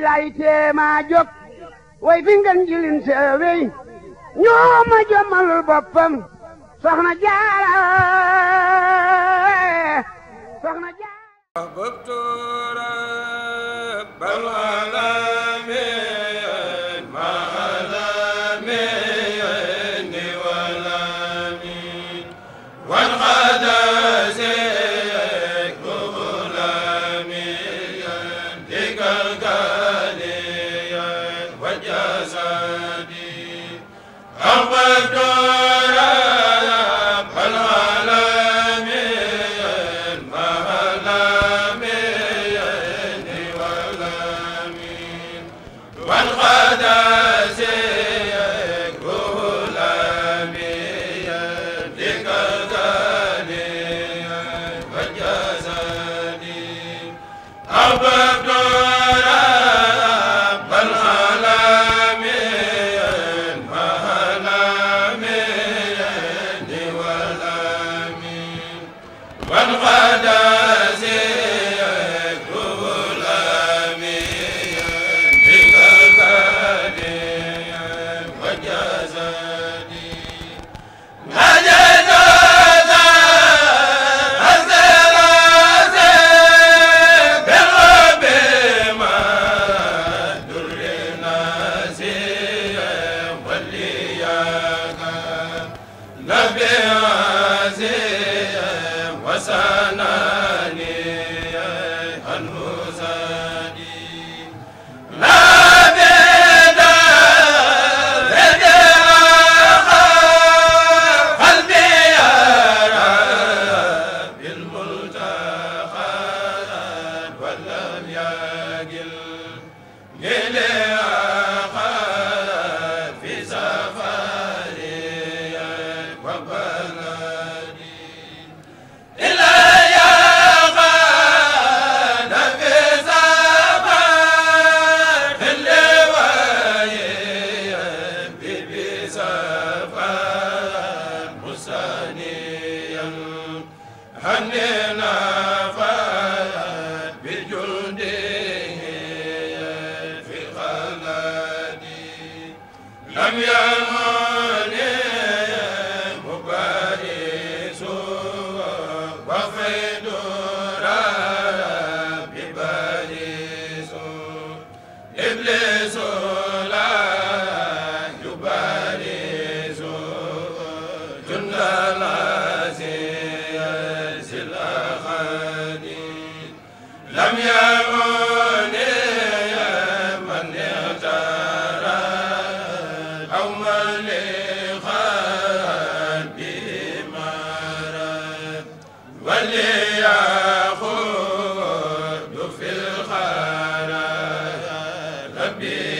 lay tee maa jóg way fi ngeen jilin seewey ñoo ma jommalul boppam soxna jaara soxna jaara وسنا Amen.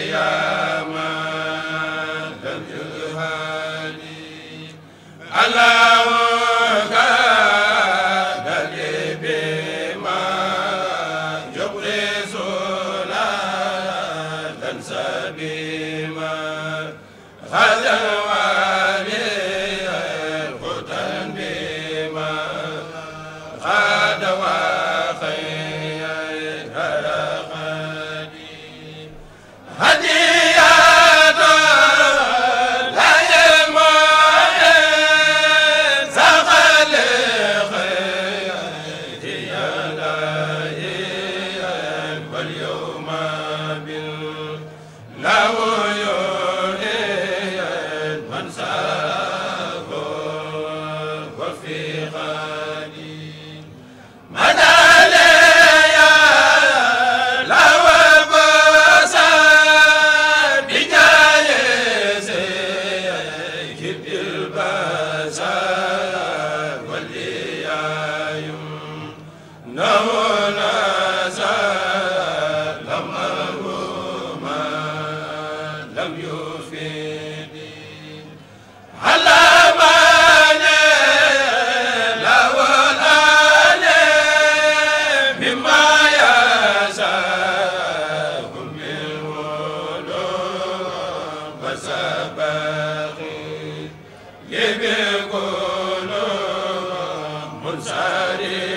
sari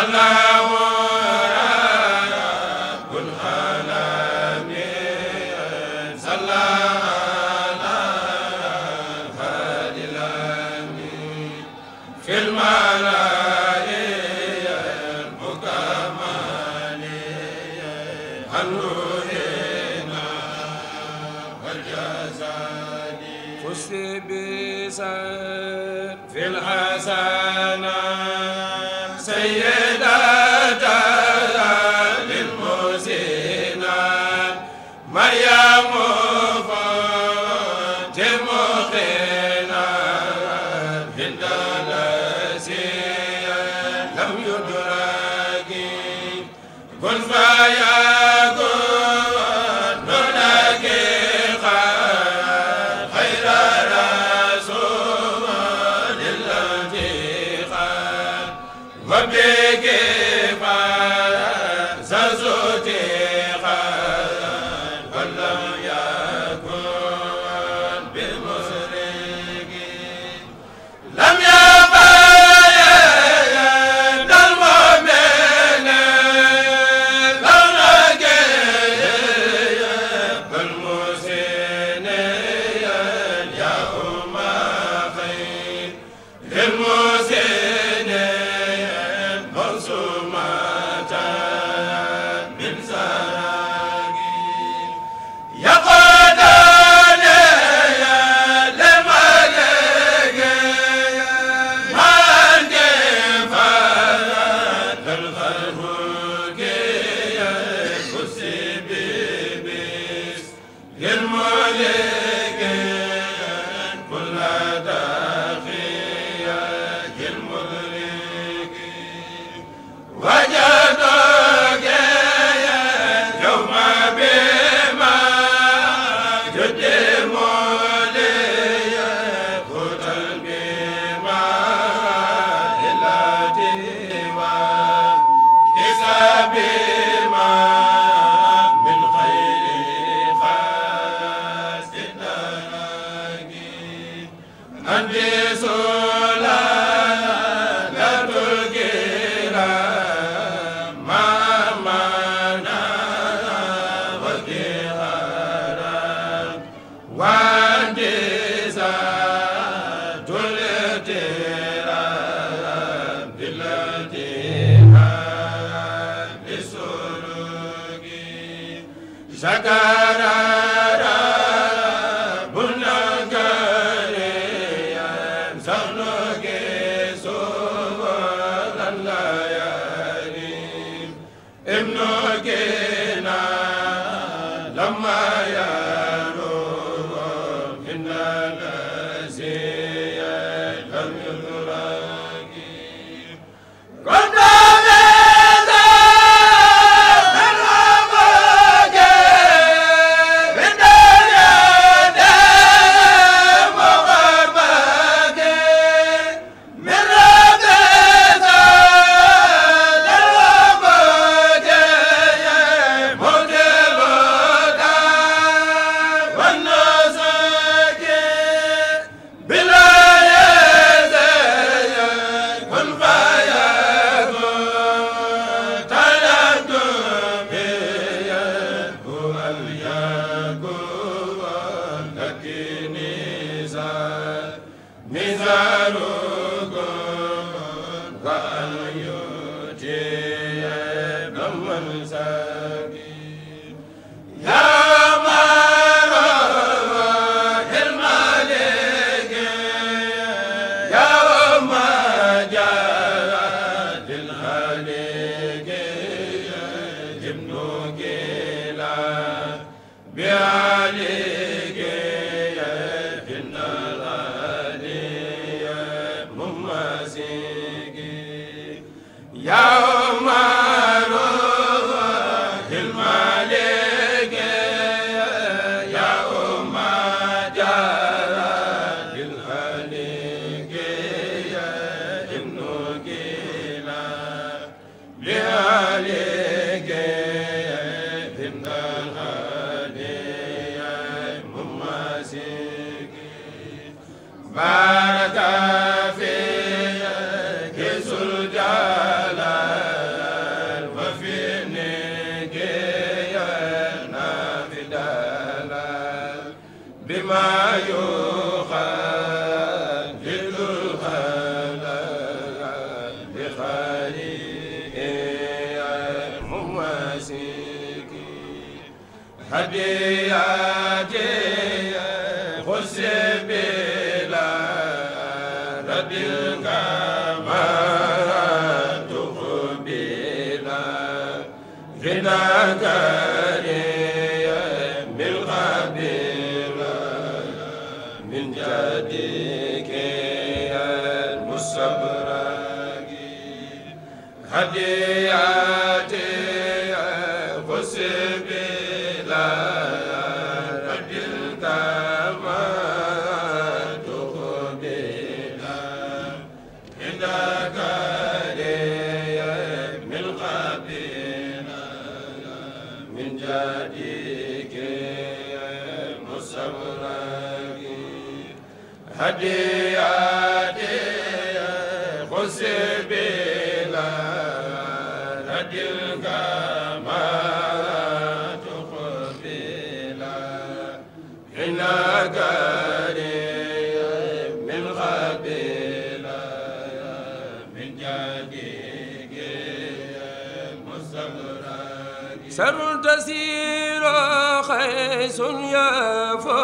Allah ma ya Aaron hadi sarul tasiiro xay sun ya fo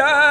ja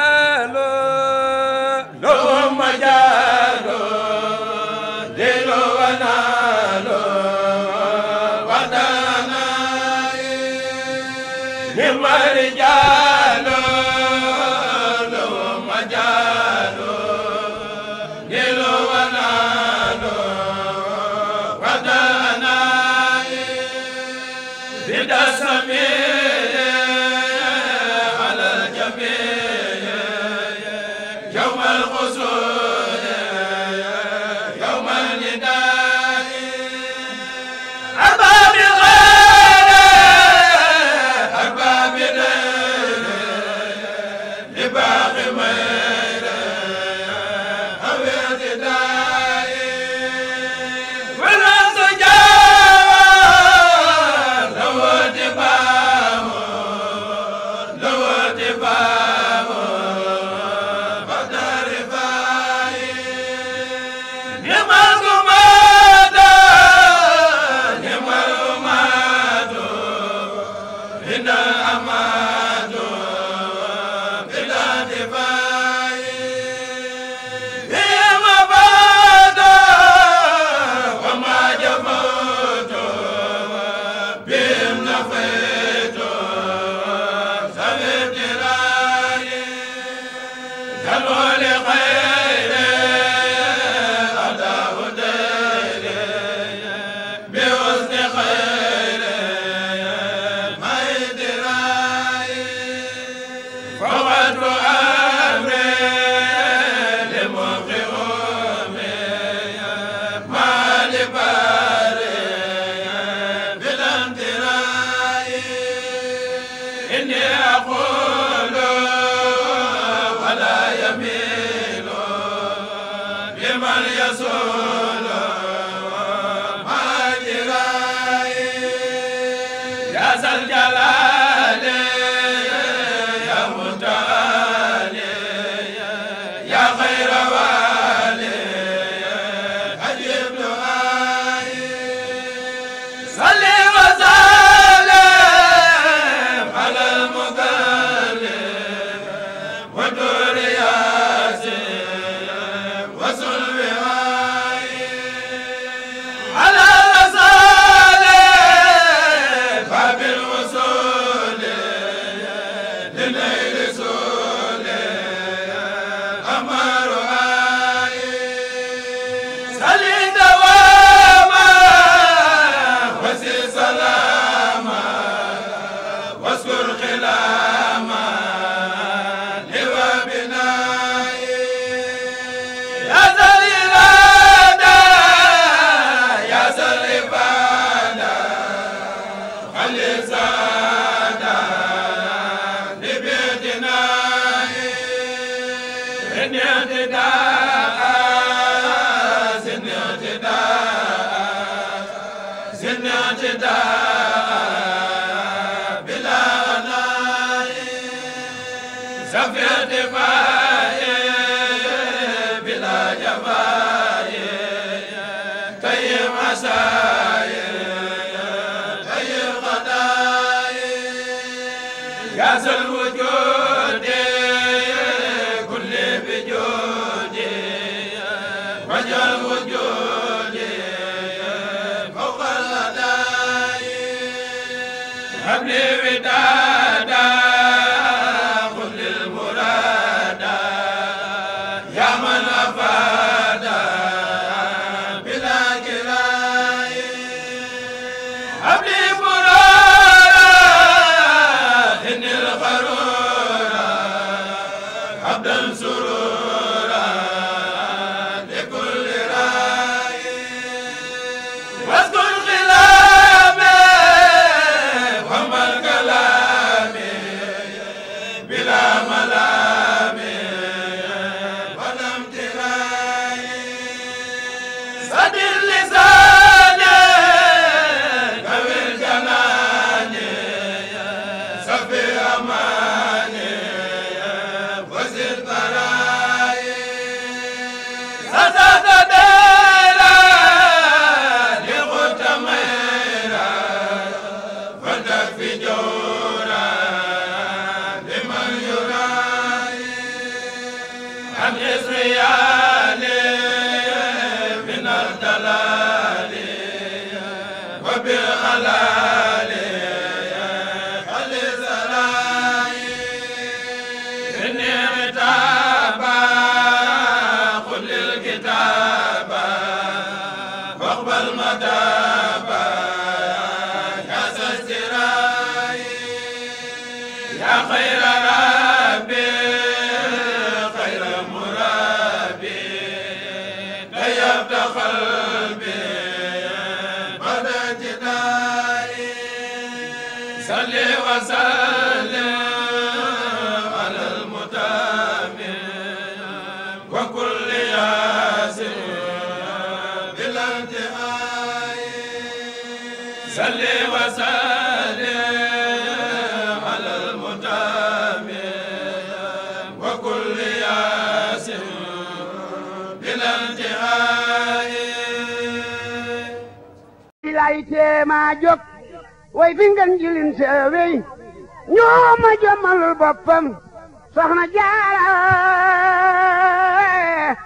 خلق habli widaada be ama xal tee maa jóg way fi jilin seewey ñoo ma jommalul soxna jaara